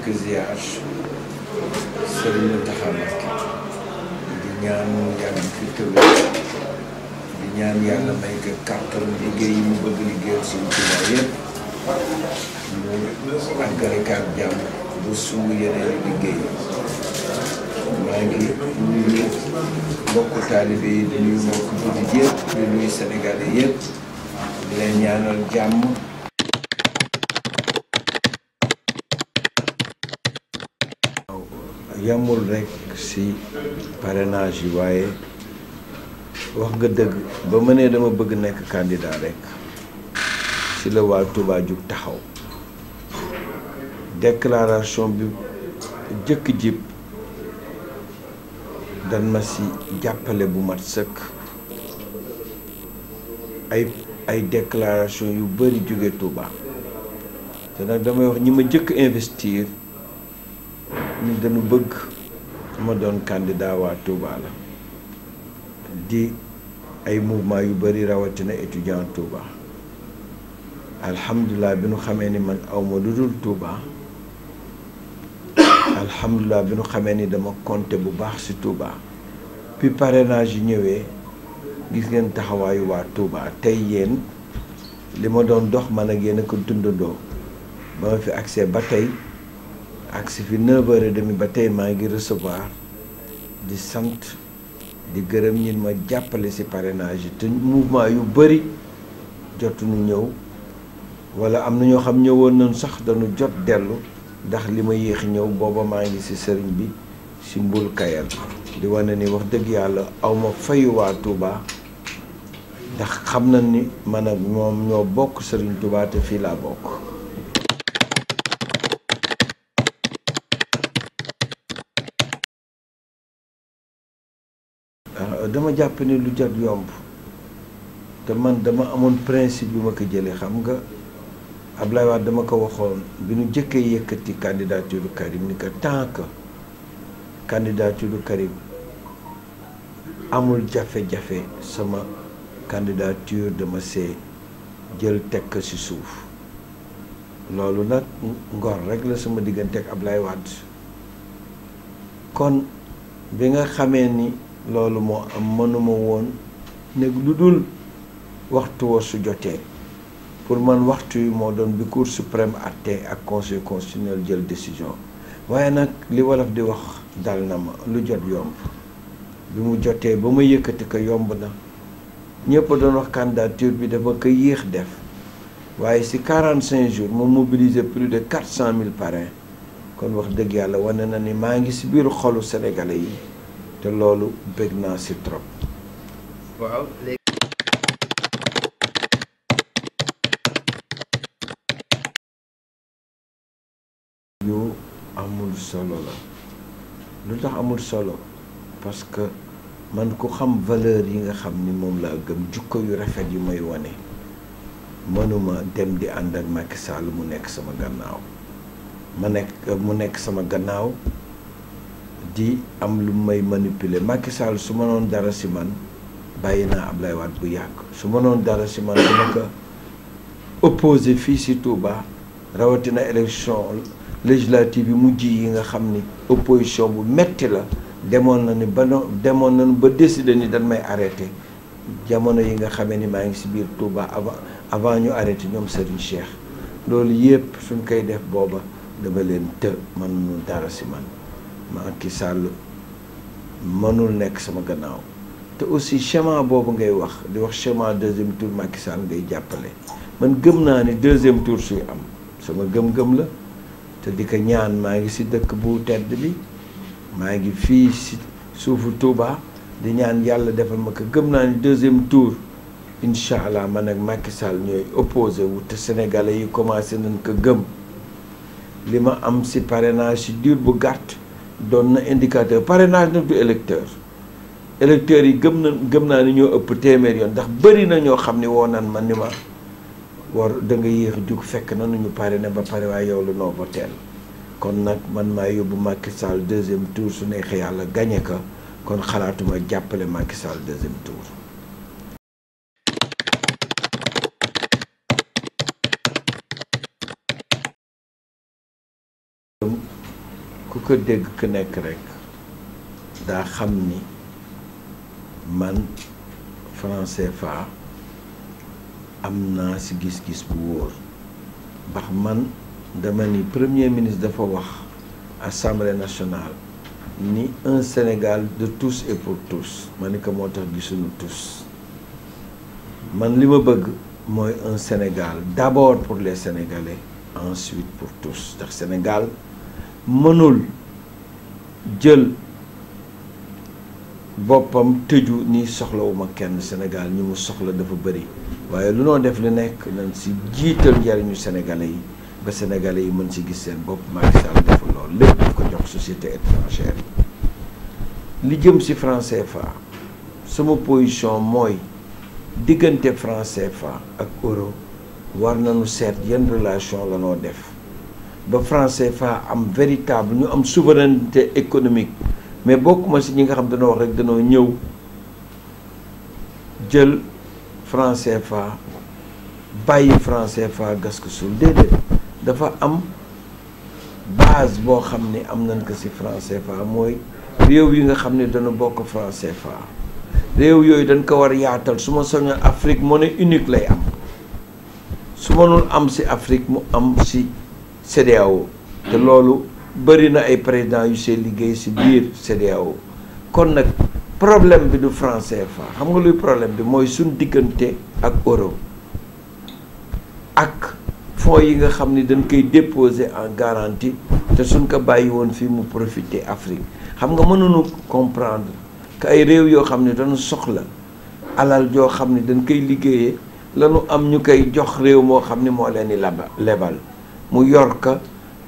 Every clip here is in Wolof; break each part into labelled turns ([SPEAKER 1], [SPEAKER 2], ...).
[SPEAKER 1] njëkk ziar Sëriñ Mountakha Mbacké di ñaan mu yàgg fi tëwé di ñaan yàlla may ko kàttan liggéey yi mu bëgg liggéeyal suñu Tuubaa yëpp mu àggale jàmm bu suñu yeneen liggéey maa ngi nuyu mbokku taalibe yi di nuyu mbokku buddi yëpp di nuyu sénégalais yëpp leen ñaanal jàmm yamul rek ci parrainage yi waaye wax nga dëgg ba ma ne dama bëgg nekk candidat rekk ci la waa Touba jug taxaw declaration bi jëkk jib dan ma ci jàppale bu ma sëkk ay ay déclaration yu bari jóge Touba te nag damay wax ñi ma jëkk investir ni dama bëgg ma doon candidat waa Touba la di ay mouvement yu bari rawatina étudiant Touba alhamdulilah bi nu xamee ni man awma lu dul Touba alhamdulilah bi nu xamee ni dama compté bu baax ci Touba puis yi ñëwee gis ngeen taxawaayu waa Touba tey yéen li ma doon dox man ak yéen ko dundandoo ba ma fi accès ba tey ak si fi 9h30 ba tey maa ngi recevoir di sant di gërëm ñin ma jàppale si parrainage yi te mouvement yu bari jotuñu ñëw wala am na ñoo xam ñëwoon nañ sax dañu jot dellu ndax li ma yéex ñëw booba maa ngi ci sëriñ bi ci mbul kayal di wane ni wax dëgg yàlla awma fayu waa Touba ndax xam na ni man ak moom ñoo bokk sëriñ Touba te fii laa bokk dama jàpp ne lu jot yomb te man dama amoon principe yu ma ko jëlee xam nga Ablaye dama ko Karim ni que tant que candidature Karim amul jafe-jafe sama candidature dama see jël tekk ci suuf loolu nag ngor rek la sama diggante ak kon bi nga xamee ni. loolu mo am manuma won nekk lu waxtu wa su joté pour man waxtu mo don bi cour suprême àtte ak conseil constitutionnel jël décision waaye nak li wolof di wax dal na ma lu jot yomb bi mu joté ba ma yëkkati ko yomb na ñëpp doon wax candidature bi dafa ko yéex def waaye ci 45 jours mo mobiliser plus de 400000 000 parrains kon wax deug yàlla wane na ni ma ngi ci biir xolu sénégalais yi te loolu bég naa trop waaw yu amul solo la lu tax amul solo parce que man ku xam valeur yi nga xam ni moom laa gëm jukko yu rafet yu may wane mënuma dem di ànd ak Macky Sall mu nekk sama gannaaw ma nekk mu nekk sama gannaaw di am lu may manipuler Macky Sall su ma noon dara si man bàyyi naa am lay Wade bu yàgg su ma noon dara si man dama ko opposé fii si Touba rawatina élection législative yi mujj yi nga xam ni opposition bu metti la demoon na ni ba demoon nañu ba décider ni dañ may arrêté jamono yi nga xamee ni maa ngi si biir Touba avant avant ñu arrêté ñoom Serigne Cheikh loolu yëpp suñ koy def booba dama leen të man nu dara si man Macky Sall mënul nekk sama gannaaw te aussi chemin boobu ngay wax di wax chemin deuxième tour Macky Sall ngay jàppale man gëm naa ni deuxième tour suy am sama gëm-gëm la te di ko ñaan maa ngi si dëkk bu tedd bi maa ngi fii si suufu Touba di ñaan yàlla defal ma ko gëm naa ni deuxième tour incha allah man ak Macky Sall ñooy opposé wu te sénégalais yi commencé nañ ko gëm li ma am si pare naa si diir bu gàtt doon na indicateur parrainage nag du électeur électeurs yi gëm na gëm naa ni ñoo ëpp téeméer yoon ndax bari na ñoo xam ni woo naan man ni ma war da yéex jug fekk na nu ñu parrainé ba pare waaye yow la noo ba teel kon nag man maa yóbbu Macky Sall deuxième tour su neexee yàlla gañe ko kon xalaatuma jàppale Macky Sall deuxième tour ku ko dégg ku nekk rek da xamni man français fa amna ci gis-gis bu wóor man dama ni premier ministre dafa wax assemblée nationale ni un Sénégal de tous et pour tous man ni ko moo tous man li ma bëgg moy un Sénégal d'abord pour les Sénégalais ensuite pour tous ndax Sénégal mënul jël boppam tëju ni soxlawuma kenn Sénégal ñi mu soxla dafa bari waaye lu noo def li nekk nañ si jiital njariñu Sénégalais yi ba Sénégalais yi mën si gis seen bopp Macky Sall defu loolu daf ko jox société étrangère li jëm si franc fa sama position mooy diggante franc fa ak euro war nañu seet yan relation la noo def ba franc CFA am véritable ñu am souveraineté économique mais ma si ñi nga xam dañoo wax rek dañoo ñëw jël franc CFA bàyyi franc CFA gas ko suul déedéet dafa am base boo xam ne am nañ ko si franc CFA mooy réew yi nga xam ne dana bokk franc CFA réew yooyu dañ ko war yaatal su ma soñoon Afrique ne unique lay am su mënul am si Afrique mu am si. CEDEAO te hmm. loolu bëri na ay président yu see liggéey si biir CEDEAO kon nag problème bi du franc fa xam nga luy problème bi mooy suñ diggante ak euro ak fonds yi nga xam ni dañ koy déposer en garantie te suñ ko bàyyi woon fii mu profiter Afrique xam nga mënuñu comprendre que ay réew yoo xam ne dañu soxla alal joo xam ne dañ koy liggéeyee lanu am ñu koy jox réew moo xam ne moo leen di laba lebal mu York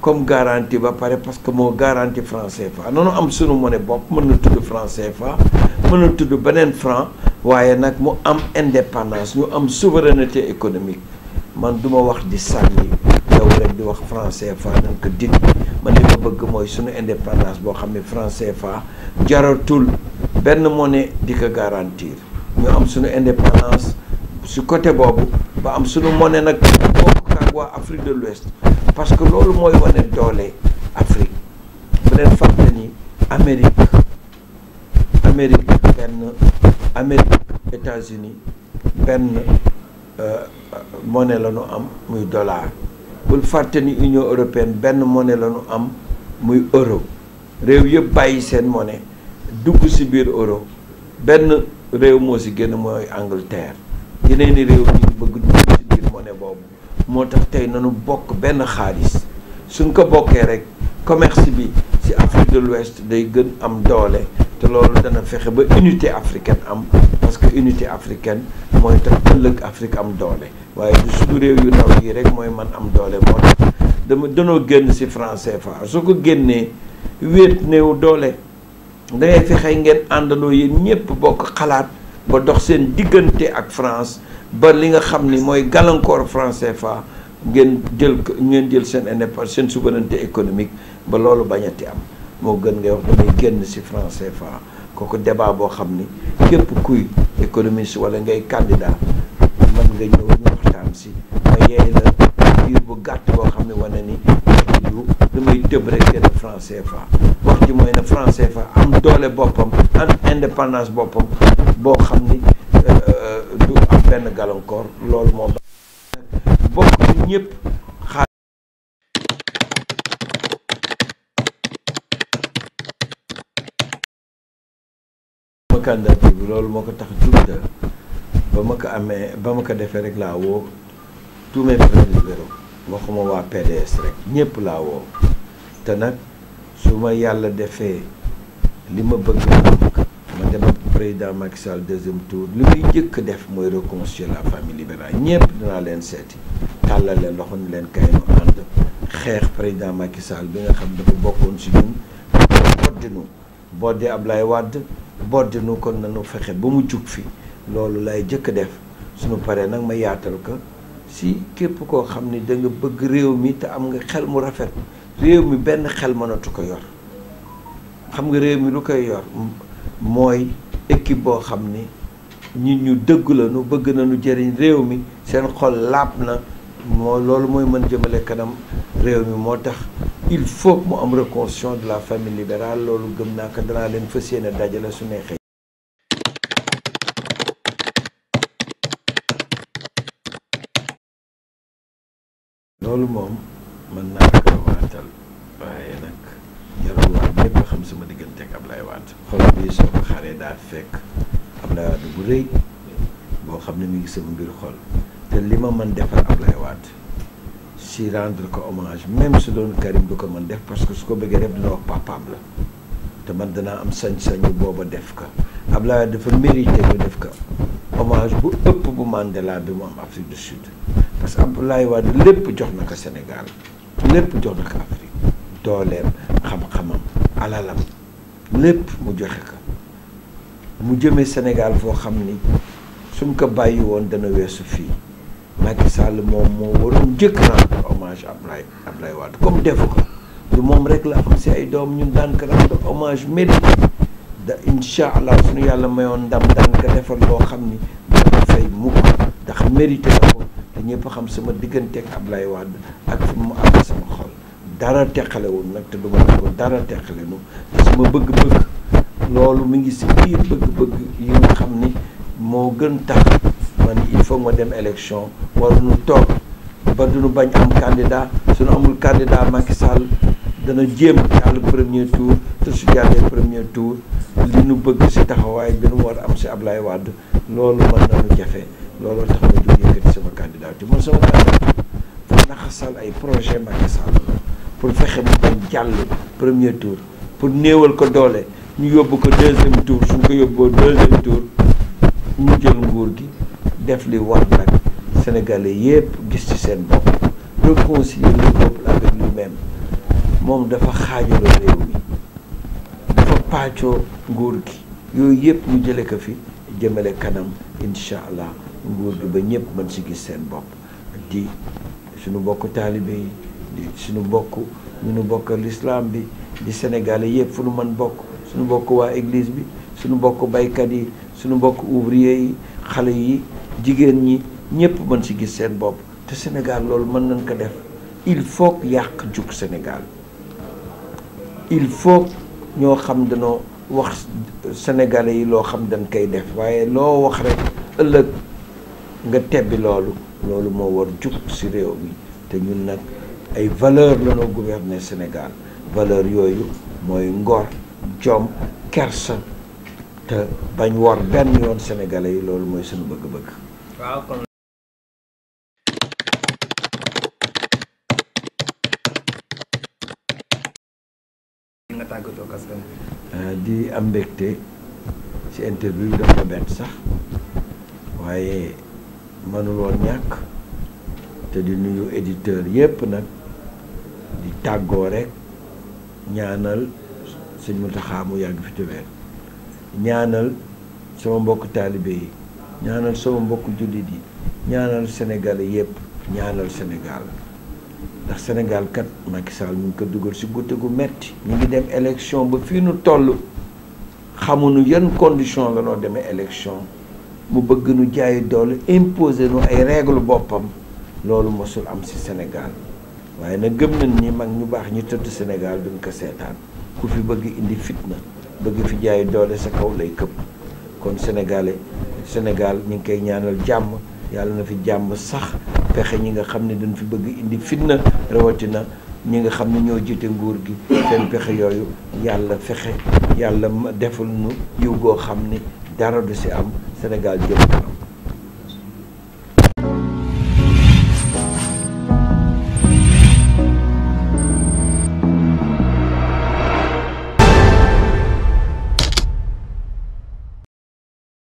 [SPEAKER 1] comme garantie ba pare parce que mo garantie franc non non am sunu monnaie bop meuna na tudd franc CFA mën na tudd beneen franc waaye nak mu am indépendance ñu am souveraineté économique man du wax di sali yow rek di wax français fa nañ dit dindi li ma bëgg moy sunu indépendance bo xamné français fa jaratul benn monnaie di ko garantir ñu am sunu indépendance su côté bobu ba am sunu monnaie nak bokk ak Afrique de l'Ouest parce que loolu mooy wane doole Afrique bu leen fàtte ni Amérique Amérique benn Amérique États-Unis benn euh, monnaie la nu am muy dollar bul fàtte ni Union européenne benn mone la nu am muy euro réew yëpp bàyyi seen mone dugg si biir euro benn réew moo si gën mooy Angleterre yeneen i réew ñu bëgg dugg ci biir monnaie boobu. moo tax tey nanu bokk benn xaalis suñ ko bokkee rek commerce bi ci Afrique de l'Ouest day gën am doole te loolu dana fexe ba unité africaine am parce que unité africaine mooy tax ëllëg Afrique am doole waaye du suñu réew yu ndaw yi rek mooy man am doole moo tax dama danoo génn ci franc fa su ko génnee wéet néew doole dangay fexe ngeen àndaloo yéen ñépp bokk xalaat ba dox seen diggante ak France ba li nga xam ni mooy gàllankoor francais CFA ngeen jël ngeen jël seen indépendance seen souveraineté économique ba loolu bañati am moo gën ngay wax damay génn si franc CFA kooku débat boo xam ni képp kuy économiste walla ngay candidat mën nga ñëw ñu waxtaan ci ma yeey la biir bu gàtt boo xam ne na ni yu damay tëb rek génn franc CFA wax ji mooy ne franc CFA am doole boppam am indépendance boppam boo xam gàllankoor loolu moom bokk loolu moo ko tax jubda ba ma ko amee ba ma ko defee rek laa woo tous mes frères waxuma waa PDS rek ñëpp laa woo te nag su ma yàlla defee li ma bëgg président Macky Sall deuxième tour li muy jëkk def mooy reconstituer la famille libérale ñëpp dinaa leen seeti tàllal leen loxo ni leen kay nu ànd xeex président Macky bi nga xam dafa bokkoon si ñun boddinu boddi Ablaye Wade boddinu kon nañu fexe ba mu jug fi loolu lay jëkk def suñu paree nag ma yaatal ko si képp koo xam ni da nga bëgg réew mi te am nga xel mu rafet réew mi benn xel mënatu ko yor xam nga réew mi lu koy yor mooy équipe boo xam ni nit ñu dëgg la bëgg nañu nu jëriñ réew mi seen xol laab na moo loolu mooy mën jëmale kanam réew mi moo tax il faut mu am reconstruction de la famille libérale loolu gëm naa ko danaa leen fas yéene dajale su neexee. loolu moom mën naa ko waatal waaye nag. ñëpp xam sama diggante ak Ablaye Wade xol bi daa fekk Ablaye Wade bu rëy boo xam ne mi ngi mu mbir xol te li ma mën defal Ablaye Wade si rendre ko omage même si doon Karim du ko man def parce que su ko bëggee def dina wax papaam la te man danaa am sañ-sañu booba def ko Ablaye dafa mérité ñu def ko hommage bu ëpp bu Mandela bi mu am Afrique du Sud parce que Ablaye Wade lépp jox na ko Sénégal lépp jox na ko Afrique dooleem xam-xamam alalam lépp mu joxe ko mu jëmee Sénégal foo xam ni suñ ko bàyyi woon dana weesu fii Macky Sall moom moo waroon njëkk rendre hommage Ablaye Ablaye Wade comme defu ko du moom rek la am si ay doom ñu daan ko rendre hommage mérite da incha allah suñu yàlla mayoon ndam daan ko defar loo xam ni dana fay mukk ndax mérité la ko te ñëpp xam sama diggante ak Ablaye Wade ak fi mu àgg sama dara teqale wul nak te duma ko dara teqale nu sama bëgg-bëgg loolu mi ngi si biir bëgg-bëgg yi nga xam ni moo gën tax man il faut ma dem élection wala nu toog ba duñu bañ am candidat suñu amul candidat Macky Sall dana jéem jàll premier tour te su jàllee premier tour li nu bëgg si taxawaay bi nu war am si Ablaye Wade loolu mën nañu jafe looloo tax ma jóg yëkkati sama candidature man sama candidat na naxasal ay projet Macky Sall pour fexe bu bañ jàll premier tour pour néewal ko doole ñu yóbbu ko deuxième tour suñ ko yóbboo deuxième tour ñu jël nguur gi def li war nag sénégalais yépp gis ci seen bopp réconcilier le peuple avec lui-même moom dafa xaajaloo réew mi dafa paccoo nguur gi yooyu yépp ñu jële ko fi jëmale kanam incha allah nguur gi ba ñépp mën ci gis seen bopp di suñu bokk taalibe di suñu mbokk ñu bokkal bi di sénégalais yëpp fu nu mën bokk Eglisbi bokk waa église bi suñu bokk baykat yi suñu bokk ouvrier yi xale yi jigéen ñi ñëpp mën si gis seen bopp te sénégal loolu mën nañ ko def il faut yàq jug sénégal il faut ñoo xam danoo wax sénégalais yi loo xam dañ koy def waaye loo wax rek ëllëg nga tebbi loolu loolu moo war jug si réew mi te ñun nag ay valeur la noo gouverner Sénégal valeur yooyu mooy ngor jom kersa te bañ war benn yoon sénégalais yi loolu mooy suñu bëgg-bëgg euh, di am mbégte ci interview bi dafa bett sax waaye mënul woon ñàkk te di nuyu éditeur yépp nag tàggoo rek ñaanal sëñ Mountakha mu yàgg fi tëwéer ñaanal sama mbokk talibé yi ñaanal sama mbokk jullit yi ñaanal Sénégal yépp ñaanal Sénégal ndax Sénégal kat Macky Sall ñu ko duggal ci guddi gu metti ñu ngi dem élection ba fii nu toll xamuñu yan condition la no demee élection mu bëgg ñu jaay doole imposé ñu ay règle boppam loolu mosul am ci Sénégal waaye nag gëm nañ ni mag ñu baax ñu tëdd Sénégal duñ ko seetaan ku fi bëgg indi fitna bëgg fi jaay doole sa kaw lay këpp kon sénégalais Sénégal ñu ngi koy ñaanal jàmm yàlla na fi jàmm sax pexe ñi nga xam ne dañ fi bëgg indi fitna rawatina ñi nga xam ne ñoo jiite nguur gi seen pexe yooyu yàlla fexe yàlla deful nu yiw goo xam ne dara du si am Sénégal jëm kanam